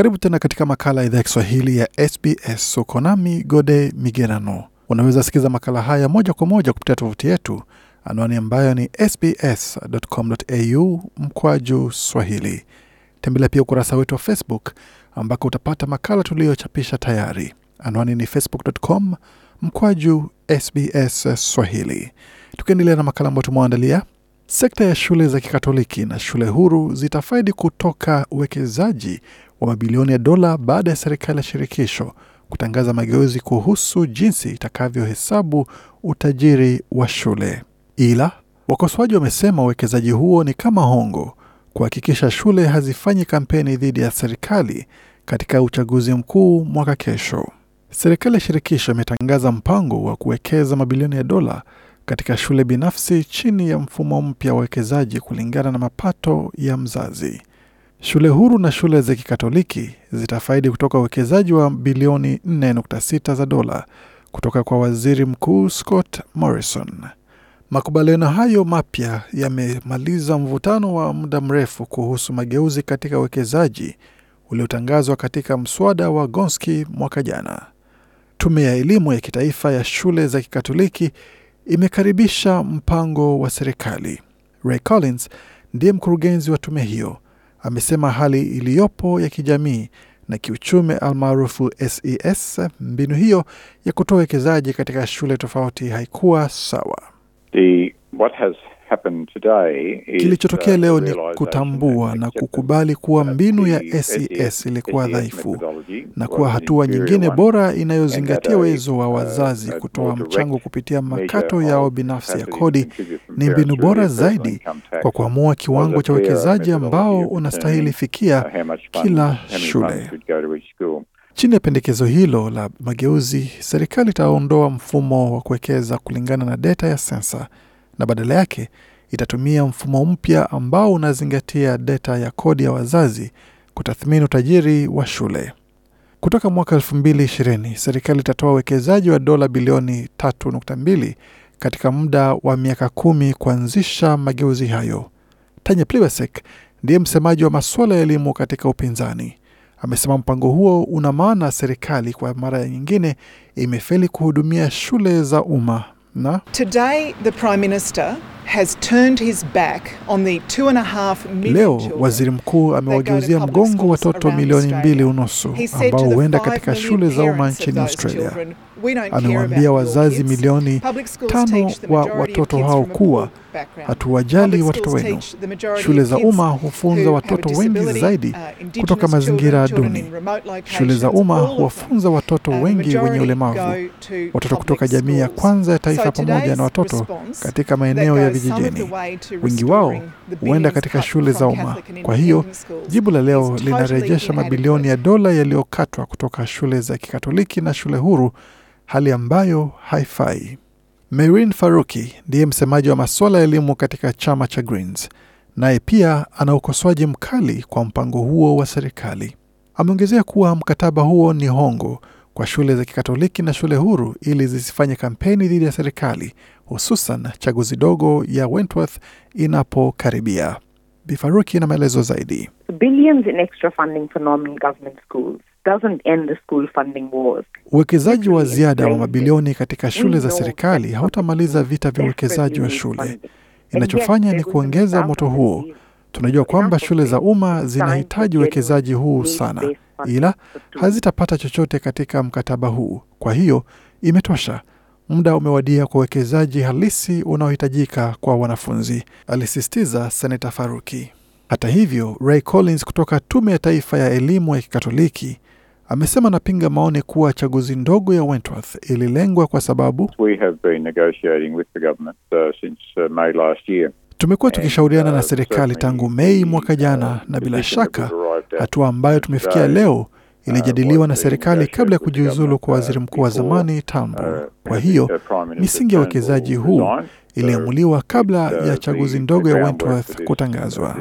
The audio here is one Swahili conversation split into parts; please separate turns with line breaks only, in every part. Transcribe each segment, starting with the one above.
Karibu tena katika makala ya idhaa ya Kiswahili ya SBS. Uko nami Gode Migerano. Unaweza sikiza makala haya moja kwa moja kupitia tovuti yetu, anwani ambayo ni sbs.com.au mkwaju swahili. Tembelea pia ukurasa wetu wa Facebook ambako utapata makala tuliyochapisha tayari. Anwani ni facebook.com mkwaju sbs swahili. Tukiendelea na makala ambayo tumeandalia, Sekta ya shule za Kikatoliki na shule huru zitafaidi kutoka uwekezaji wa mabilioni ya dola baada ya serikali ya shirikisho kutangaza mageuzi kuhusu jinsi itakavyohesabu utajiri wa shule. Ila wakosoaji wamesema uwekezaji huo ni kama hongo kuhakikisha shule hazifanyi kampeni dhidi ya serikali katika uchaguzi mkuu mwaka kesho. Serikali ya shirikisho imetangaza mpango wa kuwekeza mabilioni ya dola katika shule binafsi chini ya mfumo mpya wa uwekezaji kulingana na mapato ya mzazi. Shule huru na shule za Kikatoliki zitafaidi kutoka uwekezaji wa bilioni 4.6 za dola kutoka kwa Waziri Mkuu Scott Morrison. Makubaliano hayo mapya yamemaliza mvutano wa muda mrefu kuhusu mageuzi katika uwekezaji uliotangazwa katika mswada wa Gonski mwaka jana. Tume ya elimu ya kitaifa ya shule za Kikatoliki imekaribisha mpango wa serikali. Ray Collins ndiye mkurugenzi wa tume hiyo, amesema hali iliyopo ya kijamii na kiuchumi almaarufu SES, e mbinu hiyo ya kutoa uwekezaji katika shule tofauti haikuwa sawa. The, what has Kilichotokea leo uh, ni kutambua na kukubali kuwa mbinu ya SES e e ilikuwa dhaifu na kuwa hatua nyingine bora inayozingatia uh, uwezo wa uh, wazazi kutoa mchango kupitia makato yao binafsi ya kodi ni mbinu bora zaidi kwa kuamua kiwango cha uwekezaji ambao unastahili fikia kila shule. Chini ya pendekezo hilo la mageuzi, serikali itaondoa mfumo wa kuwekeza kulingana na deta ya sensa na badala yake itatumia mfumo mpya ambao unazingatia deta ya kodi ya wazazi kutathmini utajiri wa shule. Kutoka mwaka 2020 serikali itatoa uwekezaji wa dola bilioni 3.2 katika muda wa miaka kumi kuanzisha mageuzi hayo. Tanya Plibersek ndiye msemaji wa masuala ya elimu katika upinzani, amesema mpango huo una maana serikali kwa mara nyingine imefeli kuhudumia shule za umma. No. Today, the Prime Minister Leo waziri mkuu amewageuzia mgongo watoto milioni mbili unusu ambao huenda katika shule za umma nchini Australia. Amewaambia wazazi milioni tano wa watoto hao kuwa hatuwajali watoto wenu. Uh, shule za umma hufunza uh, watoto wengi zaidi kutoka mazingira duni. Shule za umma huwafunza watoto wengi wenye ulemavu, watoto kutoka jamii ya kwanza ya taifa, pamoja na watoto katika maeneo ya vijijini. Wengi wao huenda katika shule za umma. Kwa hiyo jibu la leo linarejesha mabilioni ya dola yaliyokatwa kutoka shule za Kikatoliki na shule huru, hali ambayo haifai. marin Faruki ndiye msemaji wa masuala ya elimu katika chama cha Greens, naye pia ana ukosoaji mkali kwa mpango huo wa serikali. Ameongezea kuwa mkataba huo ni hongo kwa shule za Kikatoliki na shule huru ili zisifanye kampeni dhidi ya serikali, hususan chaguzi dogo ya Wentworth inapokaribia. Bifaruki na maelezo zaidi. Uwekezaji wa ziada wa mabilioni katika shule za serikali hautamaliza vita vya uwekezaji wa shule.
Inachofanya ni
kuongeza moto huo. Tunajua kwamba shule za umma zinahitaji uwekezaji huu sana ila hazitapata chochote katika mkataba huu. Kwa hiyo imetosha, muda umewadia kwa uwekezaji halisi unaohitajika kwa wanafunzi, alisisitiza Seneta Faruki. Hata hivyo, Ray Collins kutoka Tume ya Taifa ya Elimu ya Kikatoliki amesema anapinga maoni kuwa chaguzi ndogo ya Wentworth ililengwa kwa sababu uh, uh, Tumekuwa tukishauriana na uh, serikali tangu Mei mwaka jana, na bila shaka Hatua ambayo tumefikia leo uh, ilijadiliwa na serikali kabla ya kujiuzulu kwa uh, waziri mkuu wa zamani uh, Tambo. Kwa hiyo misingi ya uwekezaji huu iliamuliwa kabla ya chaguzi ndogo ya Wentworth kutangazwa.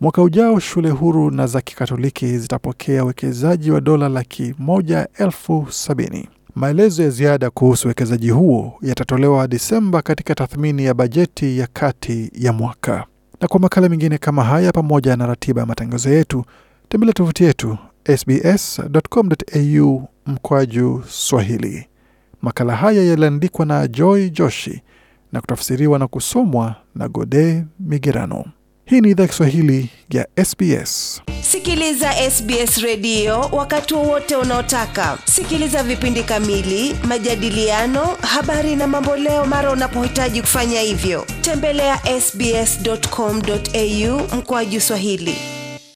Mwaka ujao shule huru na za Kikatoliki zitapokea uwekezaji wa dola laki moja elfu sabini. Maelezo ya ziada kuhusu uwekezaji huo yatatolewa Desemba katika tathmini ya bajeti ya kati ya mwaka. Na kwa makala mengine kama haya pamoja na ratiba ya matangazo yetu, tembelea tovuti yetu sbs.com.au mkwaju Swahili. Makala haya yaliandikwa na Joy Joshi na kutafsiriwa na kusomwa na Gode Migerano. Hii ni idhaa Kiswahili ya SBS. Sikiliza SBS redio wakati wowote unaotaka. Sikiliza vipindi kamili, majadiliano, habari na mamboleo mara unapohitaji kufanya hivyo. Tembelea ya sbs.com.au mkoaji Swahili.